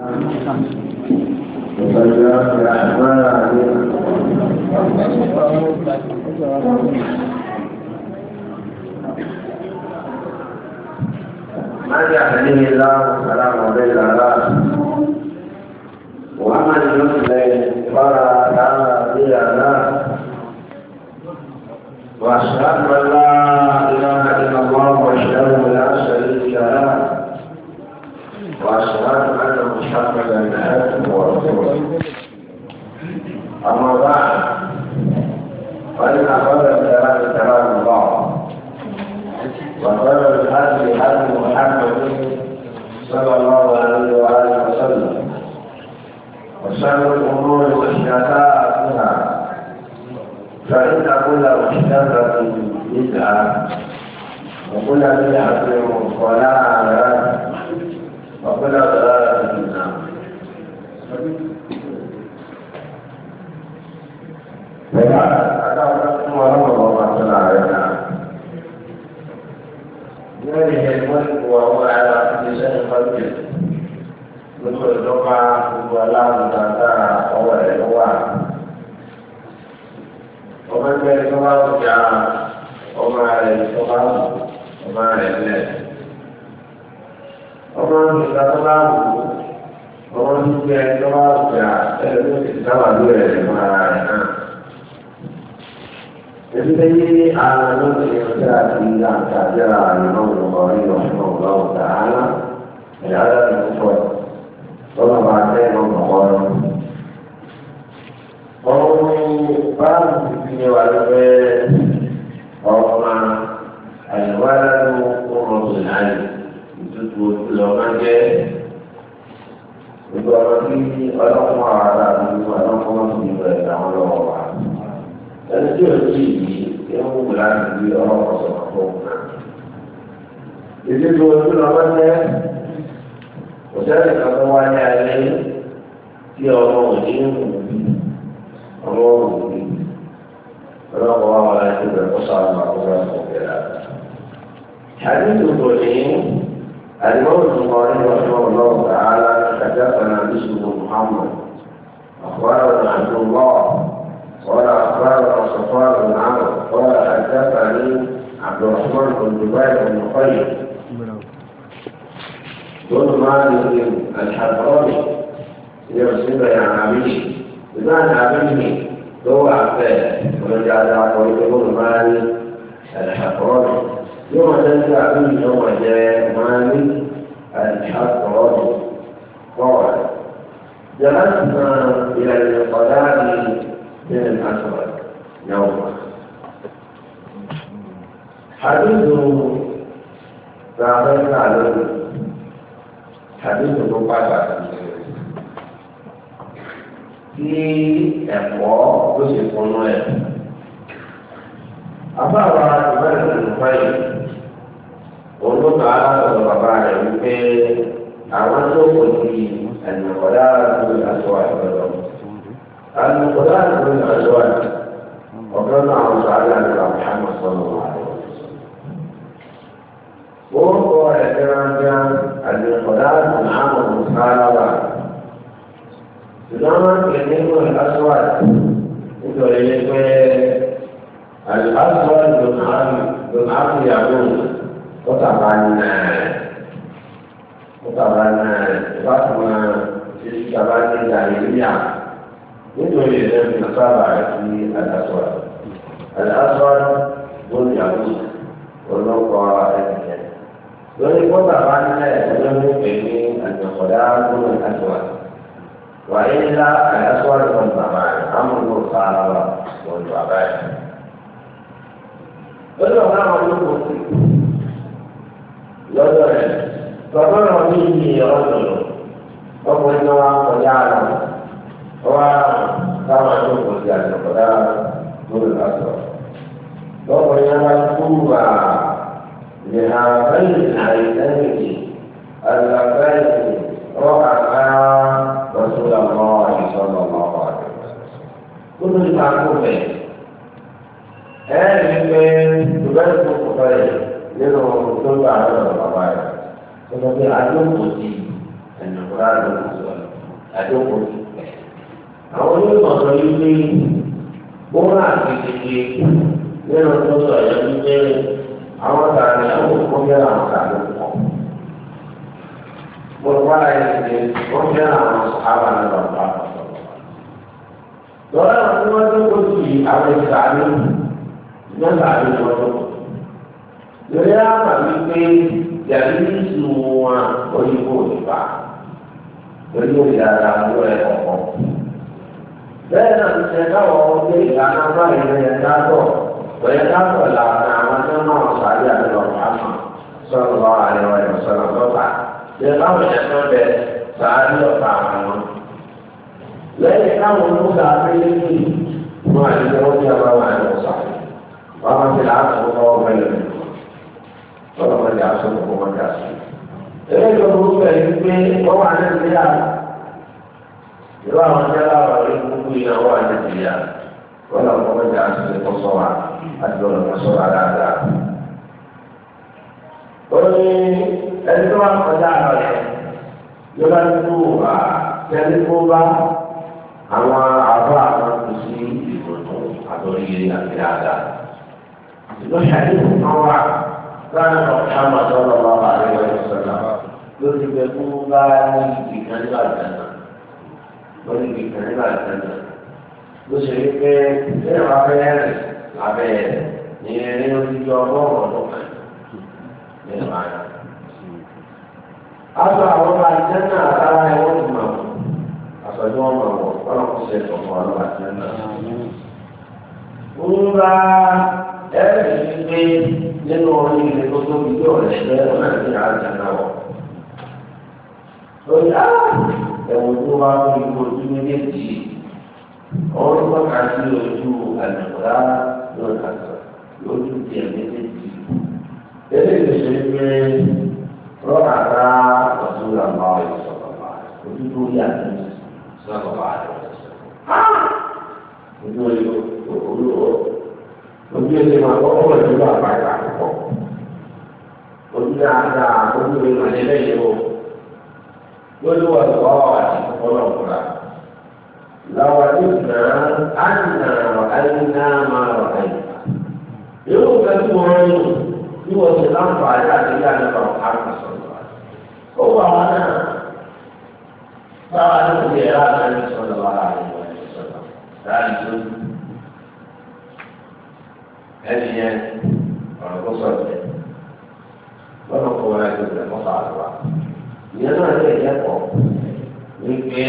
وسيئات أعمالنا من يهده الله فلا مضل له ومن يضلل فلا هادي له واشهد ان لا اله الا الله وحده لا شريك له محمدا عبده ورسوله sai a lokacin da shi da ta jira Imam Bukhari rahimahullahu ta'ala al-adab al-mufrad طلب عليه Imam Bukhari قومي بعض في والبيت أما الولد قرة العين تدور لو ما جاء وقالت لي ألقوا على أبي وألقوا في بيت عمر ẹni tí o ti yìí yóò wù láti di ọ̀rọ̀ ọ̀sán fún un. ìdíje ojú lọ́wọ́ jẹ́ òṣèré kan tó wáyé ayé tí ọmọ òní ń wù bí ọmọ òwù bí ọlọ́wọ́ wa wà láti bẹ̀rẹ̀ kó sọ̀rọ̀ àwọn ọmọ ọmọ ìlà. حديث بني الإمام البخاري رحمه الله تعالى حدثنا باسم محمد أخبرنا عبد الله قال أخبرنا صفوان بن عمرو قال حدثني عبد الرحمن بن جبير بن قيم بن مالك الحضرمي يرسل يا أبيه بمعنى أبيه هو عباس ومن جعل عقيده بن مالك الحضرمي يوم تنزل أبيه يوم جاء مالك الحضرمي قال جلسنا إلى الصلاة من الأسود نوما حديث بعدين عليه حديث مقاطع tí ẹ̀kọ́ ló sì fọnú ẹ̀. Abáwa ìbáraẹni nípa yìí, olóòtú aláàbọ̀ bàbá rẹ̀ wípé àwọn tó kò di ẹ̀nàkọ́dá lórí aṣọ àìbọ̀dọ̀. a tia eeaụafụaụ ụtaaaaenijiria nítorí ẹ̀rọ ti sábà àti àdàsọ̀rọ̀ àdàsọ̀rọ̀ lórí àbúrò ọlọ́kọ̀ ẹnìyẹn lórí kọ́tà bá ń lẹ̀ ọlọ́mú pẹ̀lú àjọkọ̀dá lórí àjọwà wàyé ńlá àdàsọ̀rọ̀ lọ bàbá rẹ̀ àmúlò sára wà lórí bàbá rẹ̀. lórí ọ̀gá àwọn olóko sí lọ́dọ̀ rẹ̀ tọ́gbọ́n náà ní ìyẹn ọ̀dọ̀ ọkùnrin náà wà kọjá àlọ́ ọwọ́ sama ẹni kò sí àjọpọ̀dá lórí lásọ̀ lọ́pọ̀ yẹn wá kúrúwà lè ha bẹ́ẹ̀ àìsẹ́yìn àlàbẹ́ẹ̀ ọkà ká lọ́sùn lọ́wọ́ àìsọ́nà lọ́wọ́ rẹ̀. kúrú ní máa kú mẹ́ ẹ̀ ẹ́ ní pé ìbẹ́rù tó kọ̀ bẹ́ẹ̀ nínú tó gbà lọ́dọ̀ bàbá rẹ̀ àwọn onímọ̀ sọ wípé wọ́n wà kékeré nínú tó sọ yẹn wípé àwọn tààrí àwọn kan fẹ́ àwọn tààrí pọ̀. mo wá láyé pé wọ́n fẹ́ àwọn sábà ní bàbá lọ́wọ́ tó àwọn lórí àwọn yàrá wọn òyìnbó nípa lórí òyìnbó àwọn ẹ̀kọ́ bẹ́ẹ̀ náà ti ṣe káwọn ọmọdé ìlànà báyìí ló yẹ ká tọ̀ ló yẹ ká tọ̀ lànà àwọn tó náà sáré àdúrà pàmò sọ̀rọ̀ lọ àríwá ẹ̀ sọ̀rọ̀ lọ́ta yẹ káwọn yẹn tó bẹ sáré ọ̀tá àwọn. lẹ́yìn káwọn ló sáré lẹ́yìn fún àdúgbò wọn ní ọba wà ní ọ̀sà wọn máa ti láàbù lọ́wọ́ mẹ́lẹ̀ sọ̀rọ̀ wọn jà sọ̀rọ̀ wọn jà sí. eré ìjọba ó bẹ̀rẹ̀ pé wọ́n wà ní ìgbéyàwó ìwà àwọn jẹ́lá ọ̀rẹ́ gbogbo yìí náà wà ní ìdíyà wọ́n lọ kọ́ mẹ́ta àti kọ́ sọ́wà àti ọ̀nà kọ́ sọ́wà dáadáa. ó ní ẹni tó wà kọjá lọ rẹ̀ yóò bá ní kó wà kẹ́lí kó bá àwọn àbá àwọn kò sí ìrònú àtọ́ríyé àti dáadáa. ṣùgbọ́n ṣàkíyèsí kan wà láàrin ọ̀tá màtọ́ lọ́wọ́ àríwá ìṣẹ̀lá lórí ìgbẹ́kú bá ní ìgbìkan nígbà tẹ̀lé ó ní ibi kan nígbà tó ń lọ. ló ṣe ní pé ṣé ìwà fẹ́ rìn lábẹ́ rẹ̀ ní ẹni ojú ọgọ́rùn-ún ọdún kan ní ìwà rẹ̀. aṣọ àwọn ọba ìjẹ́ náà rárá ẹ̀ wọ́n ti mọ̀ aṣọ tí wọ́n mọ̀ wọ̀ kọ́nà kó ṣe tọ̀ fún ọlọ́ba ìjẹ́ náà. ń ra ẹ̀rì pé nínú orí ilé tó tóbi yóò lẹ́gbẹ̀ẹ́ ọ̀nà ìjẹ́ àjẹ́ náà wọ̀ ẹ̀wọ̀n tó wá ní ibi ojú méjèèjì ọ̀rọ̀ tọ́ka ojú àjọ̀dá lọ́wọ́ kàtà lójú tiẹ̀ méjèèjì. Bẹ́ẹ̀ ló pé rọ́nà ká ọ̀tún làmọ́ ìsọ̀rọ̀ bá ojú tó yà ní sọ̀rọ̀ bá rẹ̀ ojú ẹsẹ̀ máa kọ́ ọ́ ẹ̀jú bá bàtà pọ̀ ojú dáadáa ojú ẹ̀jú àti ẹ̀yẹ lójú ọ̀dọ́ àti ọlọ́mùra. Lọ́wọ́ nígbà àná àyíná máa rọ̀ àyè. Irú nǹkan tí wọ́n rí nù bí wọ́n ti láǹfààní àti ilé àdúgbò àrùn sọ̀rọ̀. Ó wà wọn náà báwa ní ìdí ẹ̀rọ àdáni sọ̀rọ̀ wà láàrin wọn ní sọ̀rọ̀. Láàrin tó ẹni yẹn ọ̀rọ̀ kó sọ̀rọ̀ yẹn. Lọ́nà kó wọn ẹgbẹ̀rún mọ́fà àlùwà. ìyẹn náà lè lẹ́kọ̀ọ́ wípé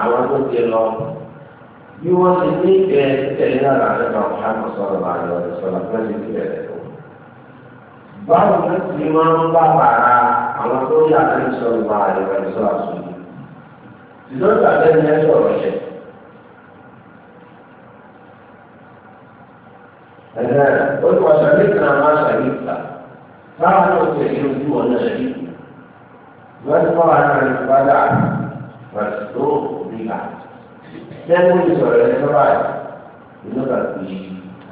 àwọn tó ti lọ bí wọ́n ti ní ìfẹ́ tẹ̀lé lára nípa Muhammad sọ̀rọ̀ àyọ̀ ìsọ̀rọ̀ fún ẹni tí bẹ̀rẹ̀ tó. báwo ló ti máa ń bá bàrà àwọn tó yà ní ìsọ̀rọ̀ àyọ̀ ìsọ̀rọ̀ àtúnyẹ. ìdọ́gba lẹ́nu ẹ̀ sọ̀rọ̀ ṣẹ̀. ẹ̀rẹ́ olùwàsàn nígbà máa ṣàyíkà báwo ló ti ní ojú ọ̀nà ṣàyíkà lọ́dún fún àwọn àrùn ìpadà pẹ̀lú nígbà. Sẹ́kùn ìsọ̀rọ̀ ẹni tó báyìí inú kan fi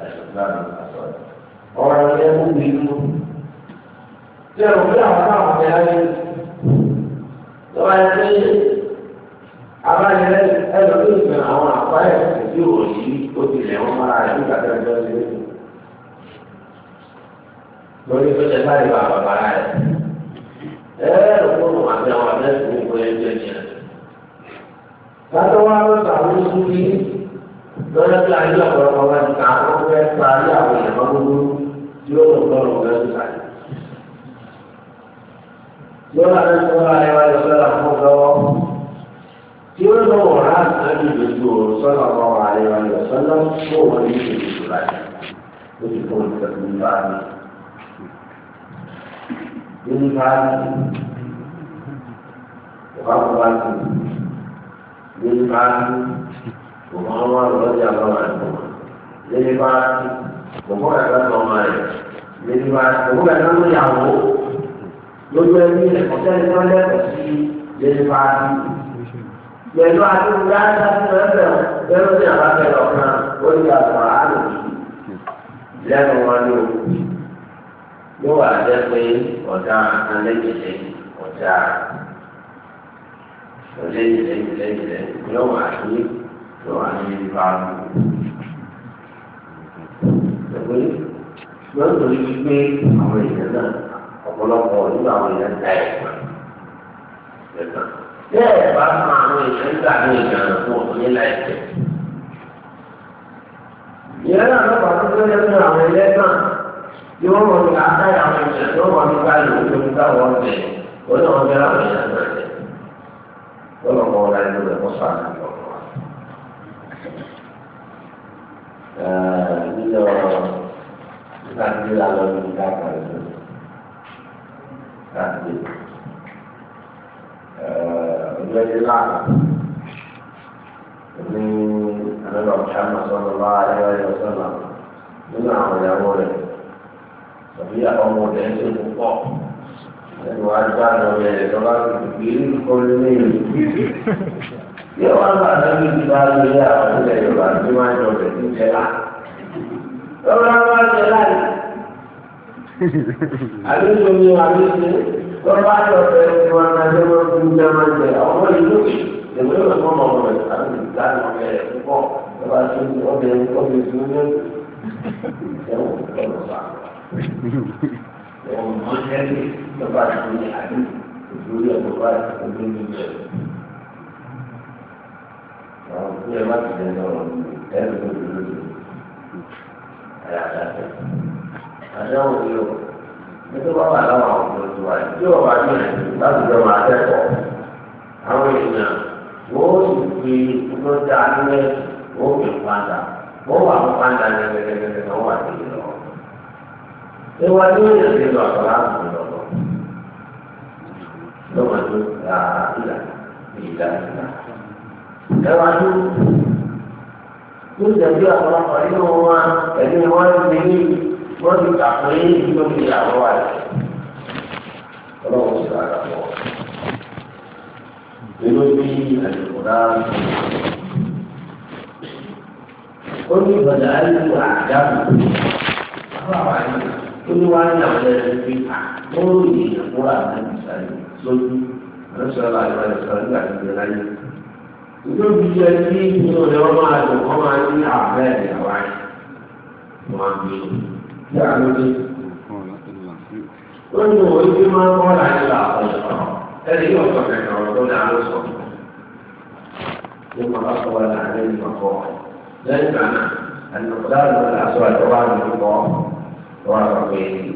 àṣọ̀tún àmì àsọ̀rọ̀. Ọ̀rọ̀ yẹn mú mi nú. Ṣé o bí àwọn táwọn ọ̀gá yẹn ní? Lọ́wọ́ ẹ pé abáyẹlẹ ẹlòmíì fẹ́ àwọn àpáyẹ tí ò yí ó ti lẹ̀ wọ́n mára rẹ̀ nígbà tó sí lórí. tó ṣe báyìí bàbá bàbá rẹ̀ ẹ ọgbọnọ àti àwọn abẹ́sùn gbogbo ẹgbẹ́ ni ẹ. Bàtà wa ló ta àwọn oṣù bí lọ́jọ́ tí ayé ọ̀pọ̀lọpọ̀ wọn ti ta àwọn fẹ́ ta ayé àwọn ìyàwó gbogbo tí ó lọ gbọ́dọ̀ gbọ́dọ̀ ti ta yìí. Yóò lọ sí ọ̀la ẹ̀ wá yọ sọ́la fún lọ́wọ́. Tí ó lọ wọ̀ láti tẹ́lẹ̀ ìdòdò ọ̀rọ̀ sọ́la ọ̀rọ̀ àlẹ́ wá yọ sọ́la fún òun ní ìdòdò láti. Ó ti fún ìtẹ̀kùn bá mi nínú báyìí ọba kò bá tù nínú báyìí ọba wọn lọ́jà lọ́wọ́ àìsàn nínú báyìí bọ̀bọ̀ ẹ̀rọ lọ́wọ́ rẹ̀ nínú báyìí bọ̀bọ̀ ẹ̀rọ lọ́yàwó lójú ẹbí rẹ̀ kọ́tẹ́ ní wọ́n lẹ́kọ̀ọ́ sí nínú báyìí pẹ̀lú àdúgbò dáadáa tó ẹ̀fẹ̀ bẹ́ẹ̀ ló ní àbábẹ́ lọ́kàn ó ní àgbà àlòkì lẹ́nu wọn ní òkú. yóò wà jẹ́ pé ọ̀dà alẹ́jìlẹ̀ ọ̀dà ọ̀lẹ́jìlẹ̀ ìlẹ́jìlẹ̀ yóò wà ní yóò wà ní ipa ẹgbẹ́ yóò torí wípé àwọn èèyàn náà ọ̀pọ̀lọpọ̀ nínú àwọn èèyàn da ẹ̀gbọ́n ẹ̀gbọ́n bẹ́ẹ̀ bá máa àwọn èèyàn gbà ní ìgbàlódé fún òní láìpẹ́ ìyẹn náà lọ́pàá tó tó fún àwọn ẹlẹ́gbọ́n. yóò wọ ní akáyà àwọn ènìyàn yóò wọ ní báyìí wọ́n tó ń bá wọn bẹ̀ wọ́n náà wọ́n bẹ̀rẹ̀ àwọn ènìyàn náà jẹ́ wọ́n lọ mọ ọ̀la ìlú rẹ̀ kó sàánù lọ. Nílò ìgbàgbé la lọ ní ìgbà kan lọ. Ìgbàgbé ọjọ́ ilé láàbà ní àlọ́ ọ̀chá náà sọ̀rọ̀ lọ́wọ́ ayé ọ̀sán náà nínú àwọn ìyàwó rẹ̀ tàbí ọmọ rẹ̀ ń ṣe púpọ̀ ẹnu ajá lọ rẹ̀ lọ́wọ́ gbé olóyè yóò wá bá àtàkùn ti bá lè rí àwọn ilẹ̀ Yorùbá tí wọ́n á jọ rẹ̀ ní jẹ́lá lọ́wọ́ bá jẹ́lá yìí àlejò mi àlejò lọ́wọ́ bá jọ rẹ̀ ní wọn náà ló wọ́n fún jẹ́ máa jẹ ọmọ ìlú ìwé ìwé fún ọmọ rẹ̀ àti ìdáná rẹ̀ púpọ̀ lọ́wọ́ bá tún ọbẹ̀ ọbẹ̀ ìdúró ní ẹ̀wọ̀n lọ́wọ́ bá ọ̀gbọ́n ti fi lọ́jà nílẹ̀ wọ́n fi pàdà wọ́n wà fún pàdà lẹ́gbẹ̀lẹ́gbẹ̀lẹ́ wọ́n wà sí ìlọ ìwà tó yẹ kí lọ àgbà lọ lọ lọ́wọ́ tó ra ìlà ìlà ìlà ẹwà tó tó dẹ̀bi ọ̀pọ̀lọpọ̀ nínú wa ẹ̀mí wọn ti ní wọ́n ti kà fún yín tó ti yà wọ́n wà lẹ̀ ọlọ́wọ́ ti ra àgbà wọ́n. Inú bí àdìgbò náà ó ní ìbàdàn àdìgbò àdàmù. Àwọn àwọn àyè olúwa ní àwọn ẹ̀rẹ́ pé wọ́n rí èèyàn fún àbẹ̀bí sáré lójú àlọ́sọ̀rọ̀ àìwá ìsọ̀rọ̀ nígbà tó gbé láyé. ìjọ bí ẹ ní inú rẹ̀ wọ́n máa dùn wọ́n máa ní àbẹ́ ìyàwó ayé wọ́n á gbé kí àlóde. ó ní òun ibi máa ń kọ́ láyé là ọ̀sán ẹni yóò sọ kẹ̀kẹ́ ọ̀rọ̀ tó ní àlọ́sọ̀ ní bàbá sọ wà láàrin ìgbàkọ̀ lẹ́yìn ìgbà náà àti وعقيل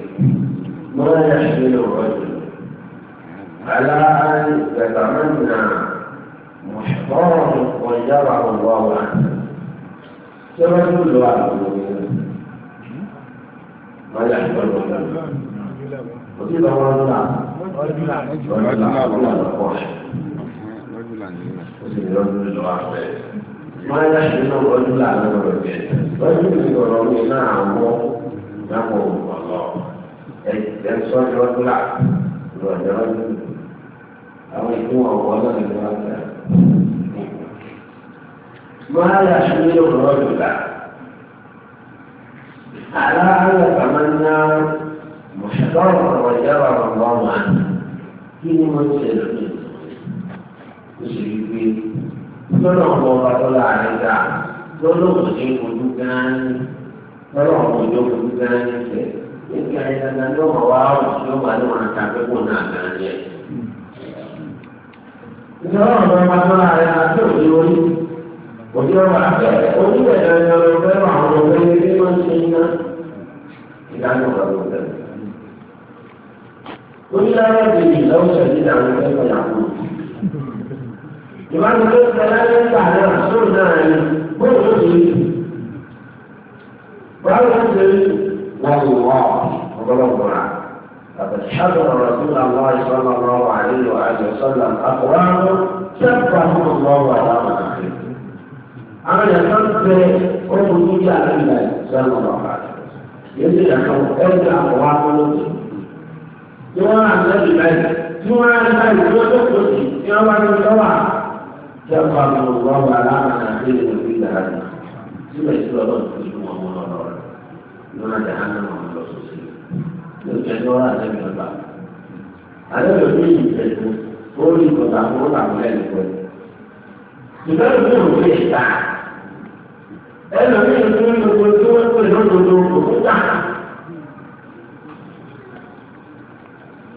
ما يحمل الرجل على أن يتمنى محضار وجرع الله عنه سرجل وعقيل ما يحمل الرجل وقيل رجلا رجلا رجلا رجلا ما يحمل الرجل على الرجل رجل يقول نعم إنه الله الإنسان رجل عبد ورجل أو يكون أولا للرجل ما يحمل الرجل على أن يتمنى محتار وجرى الله عنه كل من سيرقي مشركين فنعم الله تعالى عليك ظلم غير مدان lọ́wọ́ àwọn ìjọba ojú gan ní ìfẹ́ níbi àyẹ̀dàgbà ní ọmọ wa ọ̀hún tí ó wà ní wọn ta pé kò náà gan ni ẹ̀. ìjọba ọ̀dọ́ ọmọ tó ra rẹ̀ àti òde orí òde ọmọ abẹ́ oníbẹ̀rẹ̀ ọ̀dọ́ fẹ́ràn àwọn ọmọ ilé tí wọ́n ṣe iná ìdájọ́ ọ̀dọ́ bẹ̀rẹ̀. onílára bèbè lọ́wọ́ ṣẹ̀dí ìdáhùn ẹ̀fọ́ yàgò. ìbánisẹ́ ìfẹ́ láyé ń báwo ló ṣe rí wọn kò wá ọ̀pọ̀lọpọ̀ rà àtẹ̀síṣàdù ọ̀rọ̀ sí làwọn ìṣọ́nà lọ́wọ́ àlejò àjọṣọ́nà àkùránú sẹ́kọ̀ọ́ àwọn lọ́wọ́ àlámà àti. àwọn ìyàtọ̀ ń bẹ ohun tó yà ní ilẹ̀ sẹ́nu lọ́wọ́ wọ́n rà lọ́nà jàǹdà lọ sọ́sì lórí ẹjọ́ àlẹ́bí ọba àlẹ́bí ọdún yìí tẹ̀sí ó rí ìkọ̀tà fún ọ̀tà fún ẹ̀lú pẹ̀. ìbẹ̀rù mi ò fi ìta ẹlòmíì tó ń lòkò tí wọ́n pè lọ́dọọdọ òkúta.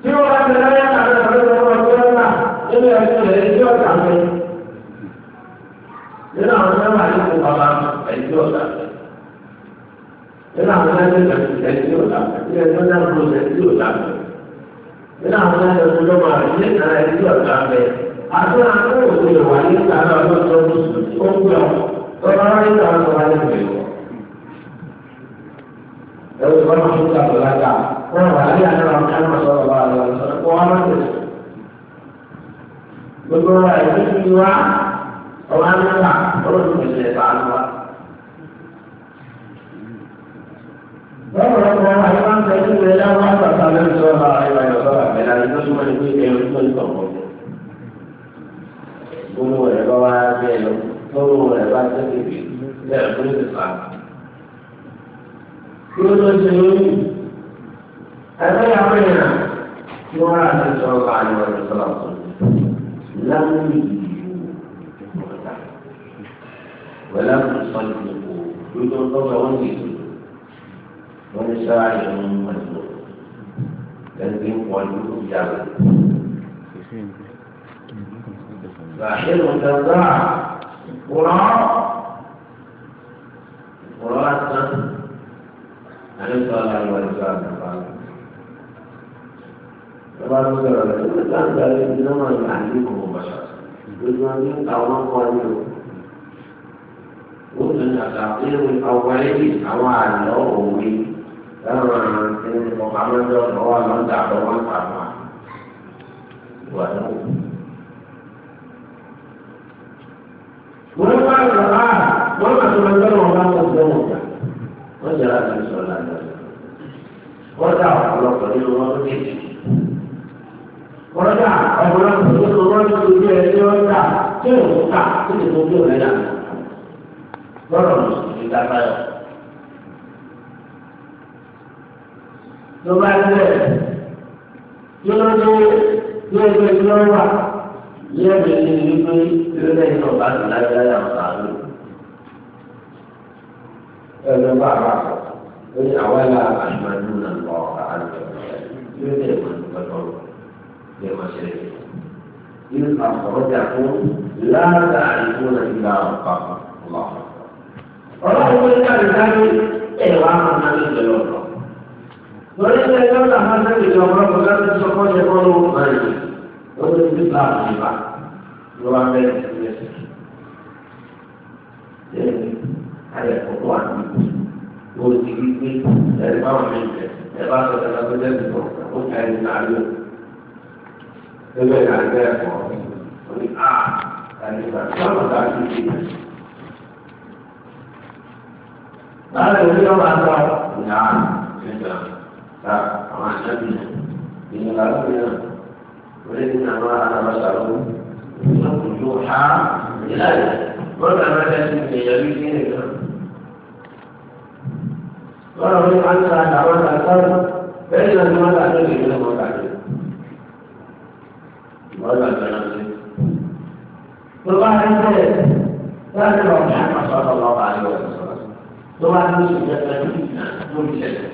tí wọ́n bá ti lọ́yà àlọ́ àlọ́ ọ̀rọ̀ tó ń bà nínú ẹ̀sìn rẹ̀ ẹjọ́ ọ̀tà mi nínú àwọn mẹ́wàá yìí kò bàbá ẹjọ́ ọ̀tà nínú àwọn ẹgbẹ́ ìgbàlódé tí yóò lábẹ́ nínú ẹgbẹ́ náà ló lẹ tí yóò lábẹ́ nínú àwọn ẹgbẹ́ tó lọ́mọ rẹ̀ ilé ìtara ẹ̀ tí yóò lábẹ́ àti àwọn òwe wà ní ìtara ọlọ́dún tó ń gbọ́ tọ́lá rí ìtara tó wáyé pè wọ́. ẹ̀rọ ìwọ́n máa ń gbà tó lága wọ́n wà ní àná àwọn kánú sọ̀rọ̀ bá a lọ sọ̀rọ̀ kó wọ́n lọ́dún. gbogbo wa ẹ̀ lọ́wọ́ ọmọ ayé máa ń bẹ ní ilé láwọn àgbàtà lórí sọ́ra ayé ayọ̀ sọ́ra àgbẹ̀lá ní lọ́sùn wọn ní ẹ̀rọ tó ń tọ̀ wọ́n. gbogbo rẹ̀ bá wá bẹ́ẹ̀ lọ gbogbo rẹ̀ bá tẹ́ bèbè bẹ́ẹ̀ ló ti fà á. kí ló ṣe lórí ẹgbẹ́ yàrá yàrá tí wọ́n rà ní sọ́ra ayé ayọ̀ sọ́ra fún mi láwọn ìlú ọ̀dà wẹ́lá kò sọ́ọ̀tì kò lójó ń tọ́ wọ́n ní sáà yẹn ń mọ̀jọ́ lẹ́gbẹ́ pọ̀jù ìyàwó. Bàṣẹ́ ló ń dàgbà kúrọ́ kúrọ́ àtàn àlejò aláwọ̀ ẹ̀jọ̀ àgbà. Bàbá ló sọ̀rọ̀ rẹ̀ ló ń dàgbà lẹ́yìn náà máa ń gbà ní ìkòkò bàṣà. Gbogbo ọdún àwọn ọkọ̀ ni o. Ó tún ní àtàkùn ìwé ọ̀wọ́ àwọn àlọ́ òwe láwọn tí mo máa ń lọ lọ wà lọ ń dà lọ wọn kà máa wà lọ. wọ́n wá lọ á wọ́n máa tó máa lọ́wọ́ wọn kó gbọ́ wọn jà wọ́n yàrá ti sọ lánàá wọ́n dà ọ̀pọ̀lọpọ̀ nínú wọn tó kéjì. wọ́n dà ọ̀pọ̀lọpọ̀ nínú wọn tó kéjì ẹ̀ ní wọ́n dà ló bá tẹ̀ yóò dé yóò dé yóò wà yóò dé ní ìlú pé yóò dé yóò bá tẹ̀ láti láyà àwọn àlọ́. ẹ̀rọ bá a bá sọ ó ní àwọn ẹ̀la àṣìmáàdú náà lọ àánú yóò dé ìmọ̀ nípa tọ́lọ̀ yóò máa ṣe é. إن أخرجكم لا تعرفون إلا ربكم الله. ọlọ́run ló ń ká lè sáré ẹ̀rọ àwọn ọmọdé lọ́wọ́ lórí ilé ẹjọ́ náà máa ń tẹ́lẹ̀ ìjọba ọmọ ọ̀gá tó sọ fún ọ̀yẹ́kọ́ ló ń parí lórí ibi bá àmì bá ló wá bẹ́ẹ̀ ní ẹsẹ̀ lẹ́yìn ayẹ̀kọ́ tó wà ní ìlú lórí ibi pé ẹ̀rí bá wọn ní ìjẹ ẹ bá sọ ẹ̀rọ tó jẹ́ ìtọ́ ó ká ẹni náà lò lẹ́gbẹ̀ẹ́ náà lẹ́yìn ẹ̀kọ́ ó ní à ẹni náà sọ́nà tá a ti di láàrin ìlú ọ̀gá náà ní àná àwọn àjọbí ìyẹn làwọn mìíràn orí ní àwọn alábàṣàrò ìṣòkòtò ha ìlànà bọ́ọ̀lù àmàlẹ́sìn ìgbìyànjú ní ìrìnà. bọ́ọ̀lù ní wọ́n ta àwọn àtàkùn bẹ́ẹ̀ ni wọ́n ta àwọn ìlú wọn kàdé. bọ́ọ̀lù àtàkùn tó bá rí bẹ́ẹ̀ láti ọ̀gá àmàṣọ́ ọ̀gá ọ̀gá àlọ́ ọ̀gá tó bá rí oṣù jẹ́ pẹ̀lú ìgbà tó ń ṣẹlẹ̀.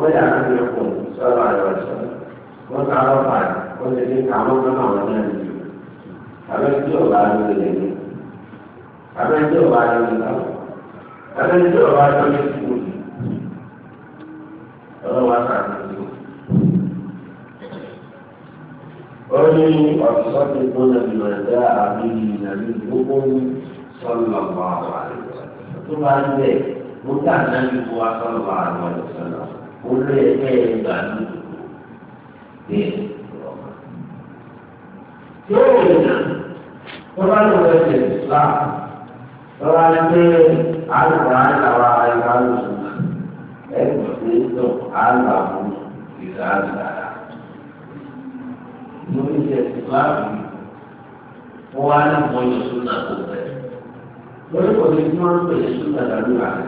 wọ́n yà á fi kù sọ́dọ̀ àyọ̀ ọ̀sẹ̀ wọ́n ká lọ́ fà wọ́n ti ní káwọn náà wọ́n náà ní ju àbẹ́ tí ò bá lórí rẹ̀ ní àbẹ́ tí ò bá lórí náà àbẹ́ tí ò bá lórí kù ní ọlọ́wọ́ àkàtà tó. ó ní ọ̀sán tó gbọ́dọ̀ ìrọ̀lẹ́ àbí ìrìnàjò gbogbo sọ́lọ̀ bá wà lọ́wọ́ tó bá ń bẹ̀ mú tà náà ní kó bá wà lọ́wọ́ olú ẹgbẹ́ ìgbà ní ní ìrọ̀mà. yóò yìnà tó bá lọ wọ ẹsẹ̀ ìsìlá lọ́wọ́ á gbé àlùkò àlàwà ìgbà lùsùn ẹgbẹ́ tó ń tọ̀ àlùkò àwọn ìgbà àlùkàrà. lórí ẹsẹ̀ ìsìlá mi wọ́n á lè mọ ìṣúná tó bẹ̀rẹ̀ lórí kò ní kí wọ́n ń pè é ìṣúná lálùbàrà.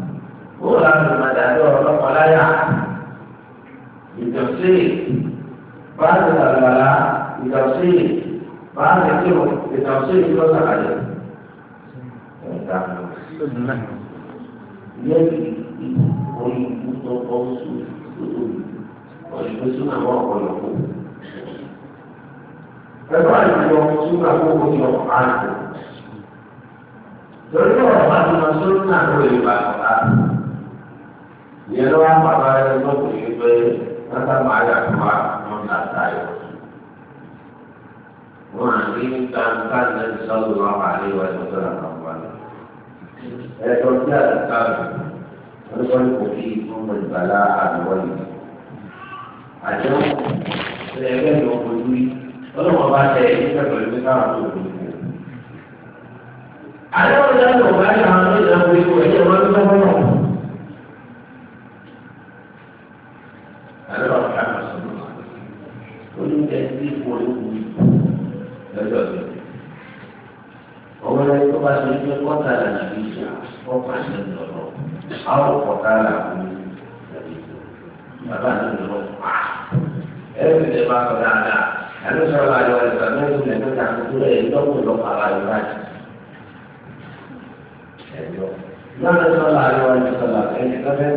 bó láti máa dàdó ọlọ́pàá láyà ìjọsí báàgì àgbàlá ìjọsí báàgì tó ìjọsí ló sàkàlẹ̀ ẹ̀ka lẹ́yìn orí tó kọ́ sùn lórí ọ̀ṣun sún àwọn ọ̀pọ̀lọpọ̀. Ẹ̀fọ́ àìsàn ọmọ sún àkókò ní ọ̀pọ̀ àìsàn. Lórí ọ̀rọ̀ máa ń lọ sórí náà lórí ìbàdàn láti ìyẹn ló wá pàdé ayé lọ́kùn yìí pé lọ́sà máa yà tó wá wọn là táyọ̀. wọn à ní gbàǹkà lẹ́nu sọ́dọ̀ wọn wà ní ìwà ìwà sọ́dọ̀ àwọn ọmọ rẹ̀. ẹ̀tọ́ tí a lè ká lọ orúkọ ní kò kí ikú mọ ìgbàlá àdúgbò yìí. àdéhùn ṣe ẹgbẹ́ mi ò fojú rí ọlọ́wọ́n bá tẹ ẹ̀yìn pẹ̀lú ẹgbẹ́ káwọn tó kù. àdéhùn ìdájọ́ ọ̀gá sí ipò ewu lọ́jọ́ mi. ọ̀wọ́n ẹni tó bá ti gbé kọ́tàlá nàbí ìjà ọ̀pá ní ìdọ̀rọ̀ àwọn kọ̀tàlá kú nàbí ìjọ. bàbá mi ń lọ pa ẹ̀rù ìdè bá sọ dáadáa àti sọ̀rọ̀ àyọ̀ ẹ̀sán mẹ́rin ní ẹ̀ka tuntun rẹ̀ lọ́kùn lọ́kọ̀ àbáyọ̀ báyìí. ẹ̀yọ́ lọ́nà sọ̀rọ̀ àyọ̀ ẹ̀sán mẹ́rin ní ẹ̀ka tuntun rẹ̀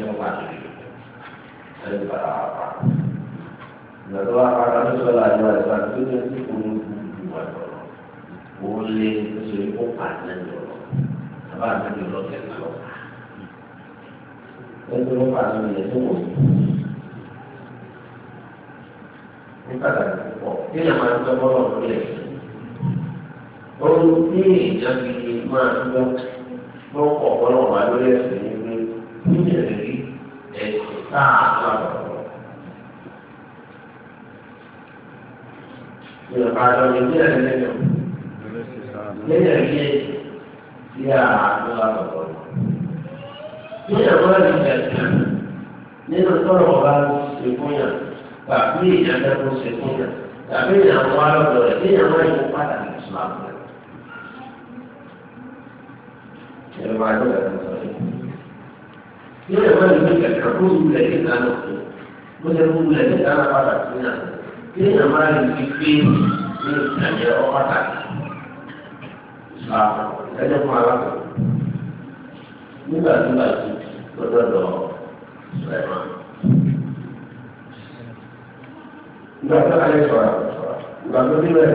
lọ́kùn lọ́kọ̀ ìgbàdo wa kàkà ní sọlá àjọ ẹ̀fà tó ní ẹtí kò ní ìwà ìtọ̀lọ́ òun lé oṣù kó pàṣẹ ìtọ̀lọ́ àbá àtàkì ọlọ́kẹ́ lọ. ẹgbẹ́ wọn pàṣẹ ìyẹn tó wọ̀ yìí. ní pàtàkì púpọ̀ kí ni àwọn àti ọmọ náà lè ohun tí ìjà fi máa ń gbọ́ lọ́pọ̀ ọ̀pọ̀lọpọ̀ àlórí ẹ̀sìn ní pé níjẹ̀lẹ̀ rí ẹ̀sìn tá lọ́wọ́. ìrọ̀pàdọ̀ ní bí ẹ̀rẹ́ lẹ́yìn lẹ́yìn ẹ̀rí tí a lọ àbọ̀ ní ẹ̀rọ ẹ̀rí kẹta nínú tọ́rọ̀ ọba ṣe fún yàn tàbí ìyàtẹ̀kùn ṣe fún yàn tàbí ìyàwó alọ́dọ̀ rẹ̀ bí ìyàwó ẹ̀yìn padà ní islam rẹ̀. ìrọ̀pàdọ̀ rẹ̀ ló sọ yìí. ní ẹ̀rọ ẹ̀rí kẹta kó wulẹ̀ nígbà náà kó wulẹ̀ nígbà náà padà sí yàn. tí èèyàn máa lè fi gbé ní ìtàjẹ ọkọ tàbí ìsìlámù ẹjọ fún aláàbò nígbà tí wàá ti gbọ́dọ̀ lọ sọẹmà nígbà tí wàá lè sọ̀rọ̀ nígbà tó níbẹ̀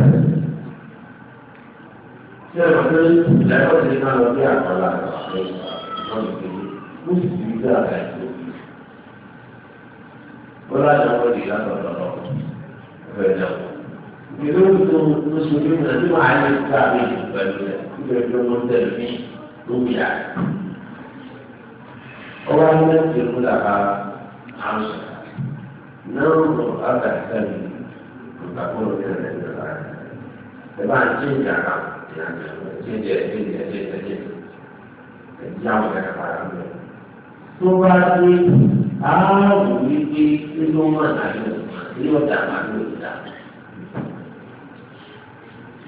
tí ẹ máa ìdájọ́ ti máa lọ bí àgbàlá ọ̀sẹ̀ ìgbàlódé ló sì ti gbé àgbà ìgbòho bọ́lá ìjọba ìdílé àtọ̀dọ̀ lọ́wọ́ bẹ̀rẹ̀ ìlú tó mùsùlùmí náà tí wàá ní káàbí pẹ̀lú rẹ̀ ìbẹ̀rẹ̀ tó mọ̀ tẹ̀lé ní lóbi à. ọwọ́ ilé ti mú làbá àwùjọ náà lọ àgbàtà mi ìgbàgbọ́ mi rẹ̀ lọ́la ẹ̀ bá ń tí ń jà kà ìrìnàjò ìjẹ́jẹ́ ìjẹ́jẹ́ ìjẹ́jẹ́ ìjẹ́ àwọn ẹ̀ka ara mi. tó bá dé ààrùn wípé nínú mọ̀ náà yóò ní ọ̀dà màlúù.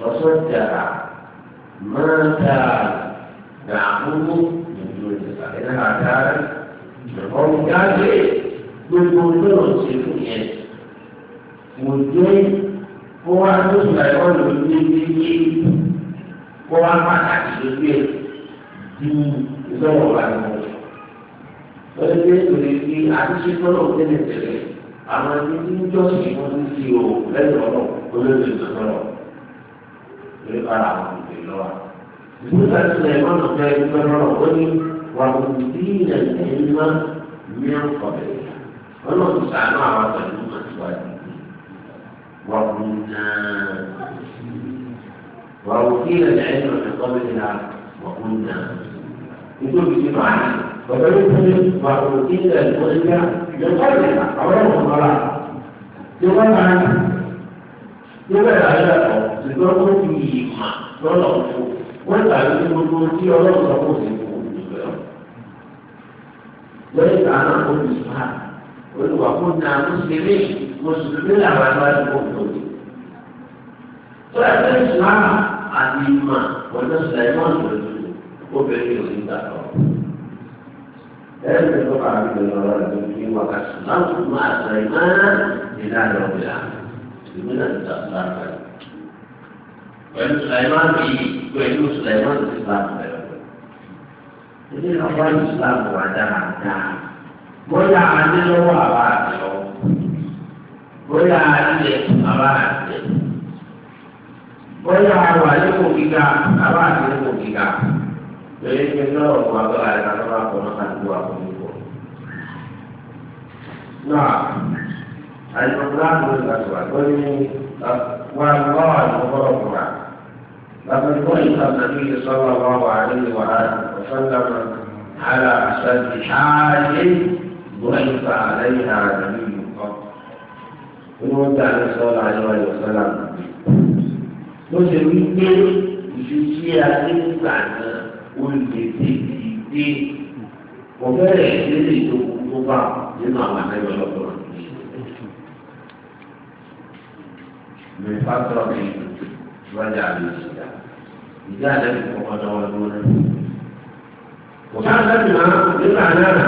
وصدق ما كان يعبد من دون الله إنها كانت بقوم كافر بالمنطق السلوكية والدين هو أن يصبح بالدين هو أن يحتاج بالدين دين يزور عن Olùdé ìtòlè fi àtúnṣe tọ́lọ̀ tẹ́lẹ̀ tẹ́lẹ̀ àwọn ẹni tí ń jọ́sìn fún sí o lẹ́yìn ọ̀nà olóòtú tọ́lọ̀. torí bára àwọn ìgbè lọ́wọ́. Nígbà tí ilẹ̀ máa ń fẹ́ ẹgbẹ́ lọ́rọ̀ ó ní wà kò sí ilẹ̀ ẹ̀yìn máa ní ọ̀pọ̀lẹ̀. Ọlọ́run ṣàánú àwọn pẹ̀lú àtiwájú. Wà kò náà wà kò sí ilẹ̀ ẹ̀yìn máa ní ọ̀pọ̀lẹ̀ náà wà kò náà. Nítorí ti máa ní ọ̀pẹ̀lú fún wà kò sí ilẹ̀ ìmọ̀lẹ́gbà ìjọba àwọn ọ̀pọ̀lá. Yorùbá náà Yorùbá ìlànà ṣùgbọ́n wọ́n ti yìí mà lọ́nà fún wọ́n gbà ní gbogbo tí ọlọ́run sọ kò sí fún ìgbẹ́ ọ̀. lẹ́yìn tá a náà kó lè fà olùwà kó na mùsùlùmí làwọn aláàbò kò tó ní. tó ẹ fẹ́ islam àti ìmọ̀ pẹ̀lú sẹ́wọ̀n lòdù obìnrin ò ní gbàgbọ́. ẹ̀rù tó bá mi lọ lọ́wọ́ ló ní wákàtí láwùjọ máa sọ ìmọ̀ ìlànà pẹ̀lú Sulaiman yìí pẹ̀lú Sulaiman Islam bẹ̀rẹ̀ ilé ọba Islam wà dáadáa bóyá adélọ́wọ́ àbá àtẹ̀wọ́ bóyá adílẹ̀ àbá àtẹ̀ bóyá àwà lẹ́kọ̀ọ́ gíga àbá àtẹ̀wọ́ gíga lórí pé náà wà bá àtàkùn àkọ́nà àdúgbò àkọ́nìkọ́. náà àyùkọ́ láti lè gbàgbọ́ lórí wà lọ́wọ́ àdúgbò ọ̀gbọ̀n. لقد وصف النبي صلى الله عليه وآله وسلم على أسد حاج وصف عليها نبي قط ونود على صلى الله عليه وسلم مسلمين يشيعون بعد والبيتي وما يحتاج الى قطع لما ما يغلط مع من فتره من رجع ìyá àdàbí kọ́kọ́ dáwọ́ dúró náà. kò sáà dábì máa nígbà náà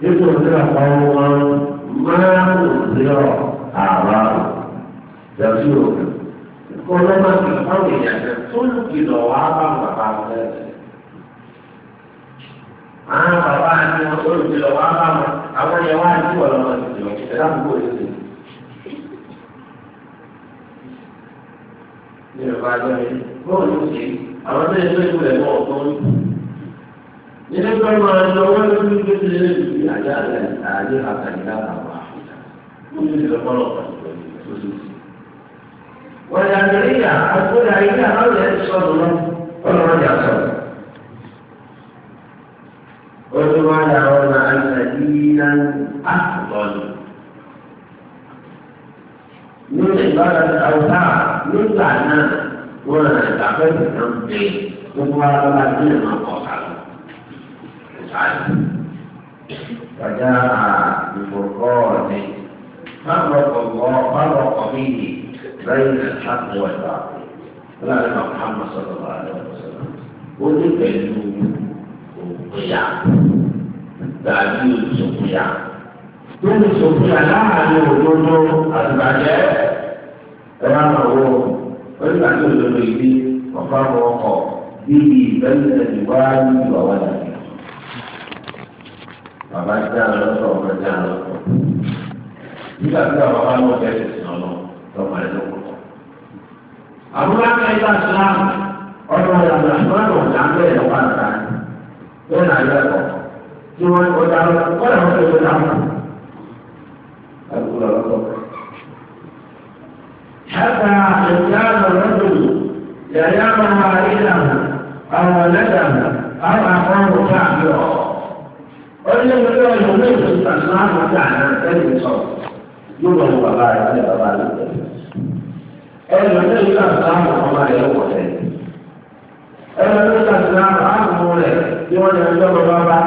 dípò síra pàwọ́ wọn máa ń síra àbá ìdájú òkè. kọ́ ló máa ń fi fáwọn èèyàn kan tó ń wá bá bàbá rẹ̀. àwọn bàbá àti wọn tó ń wá bá wọn àwọn yẹn wá ní ìrọ̀lá agbẹ́rẹ́ bọ́ọ̀ ló ṣe àwọn tó nígbà náà wọn àgbà fẹ́ẹ́ kan pé gbogbo wa lọ́la bí ẹ̀ máa kọ̀ ọ̀sà lọ. Wàjà ìfòkọ́ ni báwọn ọkọ̀ báwọn ọkọ̀ mi yìí lẹ́yìn ìṣàkóso ẹ̀dá láàrin Muhammad sallallahu alaihi wasallam. Ó ní pẹ̀lú òkúya dàbí òṣòkúya. Tó ní òṣòkúya láàrin òdodo àtìbàjẹ́ ẹ̀yà máa wọ onígbà tí òdodo ìdí ọ̀fà mọ ọkọ̀ bíbí ìbẹ́lẹ̀ ìwá ní ìwà wà dàbí. Bàbá dá lọ́sọ̀ ọmọ dá lọ́sọ̀. Nígbà tí àwọn bá lọ bẹ́ẹ̀ sìn ọ̀nà lọ́mọ ẹ̀ lọ́kọ̀. Àbúrò àgbà ìgbà Ìsìlámù ọ̀dọ̀ ìyàgbà Ìsìlámù ọ̀dà ń bẹ̀rẹ̀ wà dà bẹ́ẹ̀ náà yẹ kọ̀. Tí wọ́n ọ̀dà ọ̀dà wọn lè wọ́n dà wọn. Àbúrò àlọ́kọ̀ حتى يجعل الرجل يرمى عينه أو ولده أو أخاه كعبه ọdún yẹn lọ́wọ́ yóò ní ìfúnpá náà máa tẹ àná ẹ̀yìn sọ yóò lọ wọ bàbá rẹ̀ ní bàbá rẹ̀ tẹ̀lé ẹ̀yìn lọ́wọ́ yóò ká sàmù ọmọ rẹ̀ wọ̀ tẹ̀ ẹ̀yìn lọ́wọ́ ká sàmù àmú rẹ̀ bí wọ́n yẹn lọ́wọ́ bàbá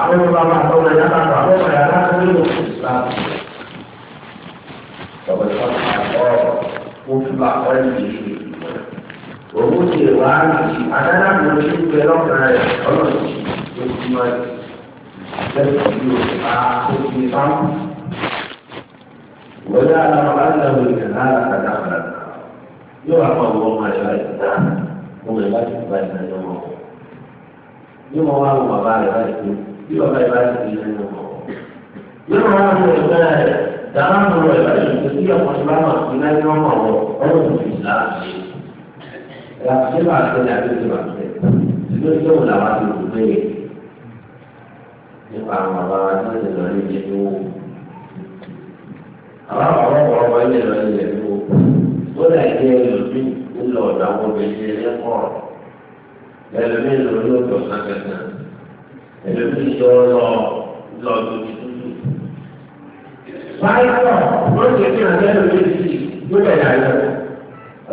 àwọn bàbá àtọ́wọ̀ yàtọ̀ àwọn ọmọ yàtọ̀ àtọ́wọ̀ yàtọ̀ بأقله وموتي وعامتي أنا لم نشوف بلغنا الله يسمى ولا أعلم أنه كان هذا دخل يرحم الله ما يشاء ومن لا تقبل يومه يوم الله ما بعد ذلك يوم ما بعد ذلك يوم الله ما بعد ذلك dàrá ń lọ ẹ̀rọ ìlú tí ọmọ ìlú àwọn àfihàn ní wọn mọ̀ wọ ọ̀rọ̀ tó fi là á ṣe. ẹ̀rọ àfihàn máa tẹ̀ ní àdúgbò máa tẹ̀ ìlú ìjọ wò làwọn àti òkú péye nípa àwọn bàbá wa tí wọ́n ti lọ ní ìjẹ́ owó. àwọn àwọn ọmọ ọmọ ilé lọ ní ìjẹ́ owó. ó dà jẹ́ ńlọ ọ̀dọ̀ àwọn obìnrin ẹlẹ́kọ̀ọ́ ẹlòmíì lọ ní ọ̀dọ̀ sákẹ́tà ẹlòmíì yọ ọ lọ lọ́dún báyọ̀ ló ń tẹ̀sí àti ẹnu méjì ló bẹ̀rẹ̀ ayọ̀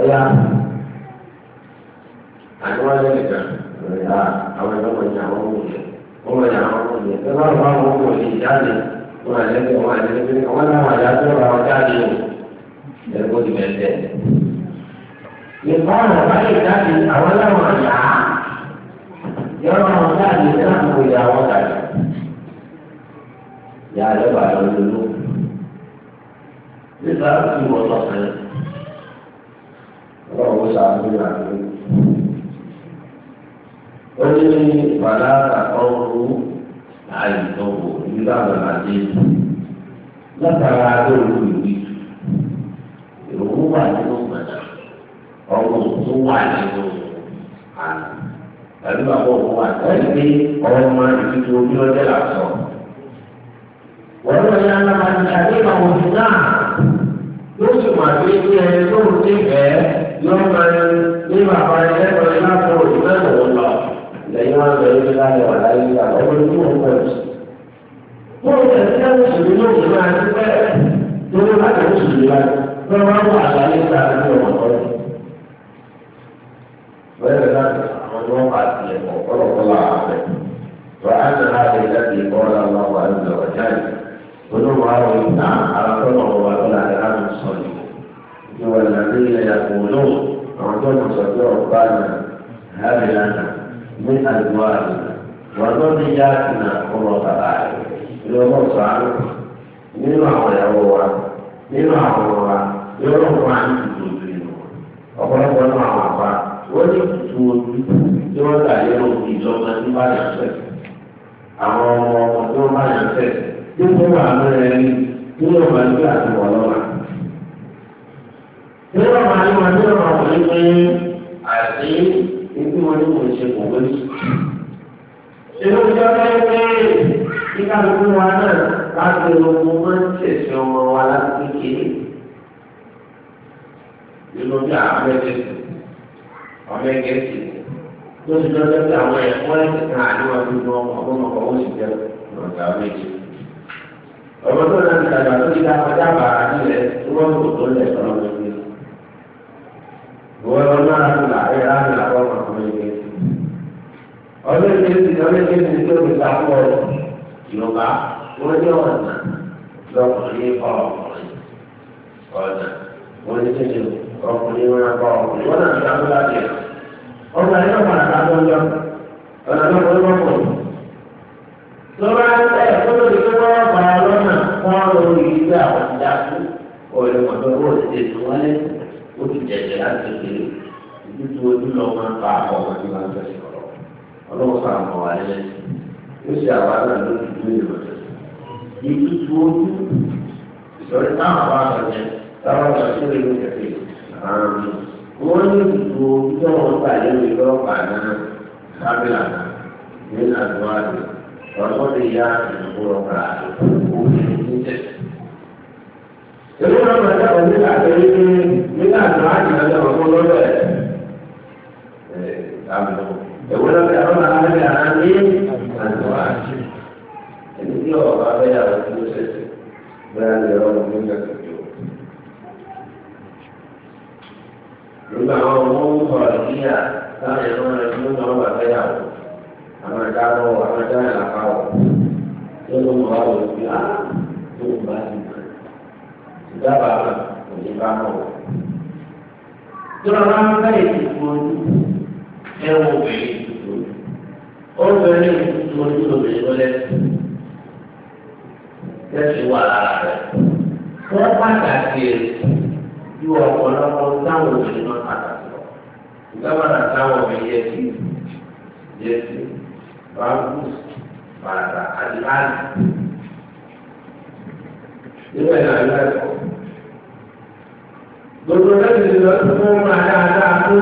ọ̀yà àdúrà nìkan ọ̀yà àwọn ẹ̀rọ wọ̀nyí àwọn ọmọ yẹn ọmọ àwọn ọmọ yẹn ẹ̀rọ àwọn ọmọ ọmọ yẹn wọn àlẹ́bí wọn àlẹ́bí wọn náà àyà tó ra wọn jáde o ẹ̀rọ ti bẹ̀rẹ̀ tẹ̀. ìfọ̀ àwọn báyìí jáde àwọn àyà yọ̀rọ̀ àwọn jáde náà kò yà wọ́n jáde. yà á lọ́ba nígbà tí wọ́n lọ ọlọ́run ṣàánú ìyàwó ó ní bàlá àkọ́kọ́ àìsọ̀wọ̀ nígbà bàbá dé látara lóru ìwé ìrònú wà nínú gbàdá ọmọ tó wà nínú àná tàbí bàbá òun wà tẹ́lẹ̀ pé ọmọ ìdíje ojú ọjọ́ làásọ̀ wọ́n lọ́ọ́ yá ńlá máa ń ṣàlẹ́ ìmọ̀ náà yóò sì wà pé kí ẹni tó ń ti bẹ́ẹ̀ yóò máa ń ní bàbá ẹlẹ́kọ̀ọ́ ẹ lápò ìgbà ìwọ lọ. lẹ́yìn wọn bẹ̀rẹ̀ ní láyé wà láyé ìgbà ọmọ ní wọn pẹ̀ mo ń tẹ̀sí ẹni sùn ní òkè máa ti pẹ́ lórí láti ní sùn nílá lọ́wọ́ máa wà láyé ìgbà àti ọmọ kan. bẹ́ẹ̀ láti àwọn ọmọ àti ẹ̀kọ́ kọ́lọ̀kọ́lọ̀ àbẹ̀ wà á nà á lè láti ìkọ́ يقولون عندهم صدور ربنا لنا من أزواجنا وذرياتنا قرة أعين صعب àwọn ìyàwó wa nínú àwọn ọmọ ní ìtò ojú inú ọ̀pọ̀lọpọ̀ nínú àwọn àbá wọ́n ní ìtò ojú tí wọ́n gbà yẹ àwọn tí nínú àwọn àlejò nínú àwọn àwòrán pé àti ikú wọn ní kò ṣe kò wọlé. inú ìjọ pé pé kíkà lóko wa náà láti ogun máa ń tẹ̀sí ọmọ wa láti kékeré. nínú bí àwọn ẹgbẹ́ ọmọ ẹgbẹ́ sì ló ti dọ́jọ́ pé àwọn ẹ̀kọ́ ẹ̀sìn kan àdéhùn ọdún ọmọ ọgbọ́n ọkọ̀ ó sì jẹ́ ọ̀gá méjì ọmọ tó náà ti dàgbà tó ti dá ọjà bàrà nílẹ̀ tó wọ́n kò tó lẹ̀ sọ́nà wọ́n lọ náà ti là ẹ̀ láti là kọ́ ọ̀nà ọ̀nà ìgbẹ́. ọdún kejì ọdún kejì tó ti ta pọ̀ yorùbá wọ́n ní ọ̀nà lọ́kùnrin kọ́ ọkùnrin ọ̀nà wọ́n ní kéde ọkùnrin wọn kọ́ ọkùnrin wọ́n náà ti dáná láti ẹ̀. ọ̀nà yóò padà ká tó ń jọ ọ̀nà náà wọ́n mọ̀ pọ̀. lọ́wọ́ ẹ̀ kó ló di pé wọ́n bá lọ́nà fún ọ̀rọ̀ ìgbé àwọn ìdákú òòlù mọ̀tò owó òṣèlú wọn lẹ́sìn ó ti jẹ̀jẹ̀ láti kékeré ìdúdú ojú lọ máa ń pa ọmọ tí wọ́n fẹ́ sọ̀rọ̀ ọlọ́wọ́ fà mọ́ wa lẹ́yìn ó sì àwa náà ló ti dúró ìrọ̀lẹ́ ìdúdú ojú ìsọ̀rí táwọn bá sọ yẹn táwọn bá sí ìlú kẹfẹ́ ààrùn wọ́n ní ìdúdú ojú tó wọ́n gbà lẹ́yìn ìlú ọ̀pá náà sábìlà náà ní àdúrà rẹ̀ ọ̀sọ́ ti yá ìdúgbò ọ̀pá òfin ní tẹ̀. Èmi náà máa dábàá nípa àtẹ̀lé nígbà tí wọ́n á jìnnà lé ọ̀rọ̀ tó lọ́dọ̀ ẹ̀ àmì ẹ̀wọ́n lọ́dọ̀ ẹ̀rọ máa ń rí ara ní àjọ àjì ẹni tí ọ̀rọ̀ bá fẹ́ yàrá tó ṣẹ̀ṣẹ̀ bẹ́ẹ̀ ni ẹ̀rọ mi ń gbẹ̀kẹ̀ tó. nígbà wọn mú ọ̀rọ̀ yíyà láti ẹ̀rọ rẹ̀ lọ́la ń bá ìdìbò ojú ẹ̀wọ̀n obìnrin obìnrin ìdìbò ojú obìnrin ló lẹ́sìn wà lára rẹ̀ wọ́n pàtàkì ju ọ̀pọ̀lọpọ̀ táwọn obìnrin náà pàtàkì lọ gbọ́dọ̀ táwọn obìnrin yẹ sí yẹ bàtà àdìbàdì. gbogbo lẹ́yìn ìlọ tó fún ọmọ àdáadáa fún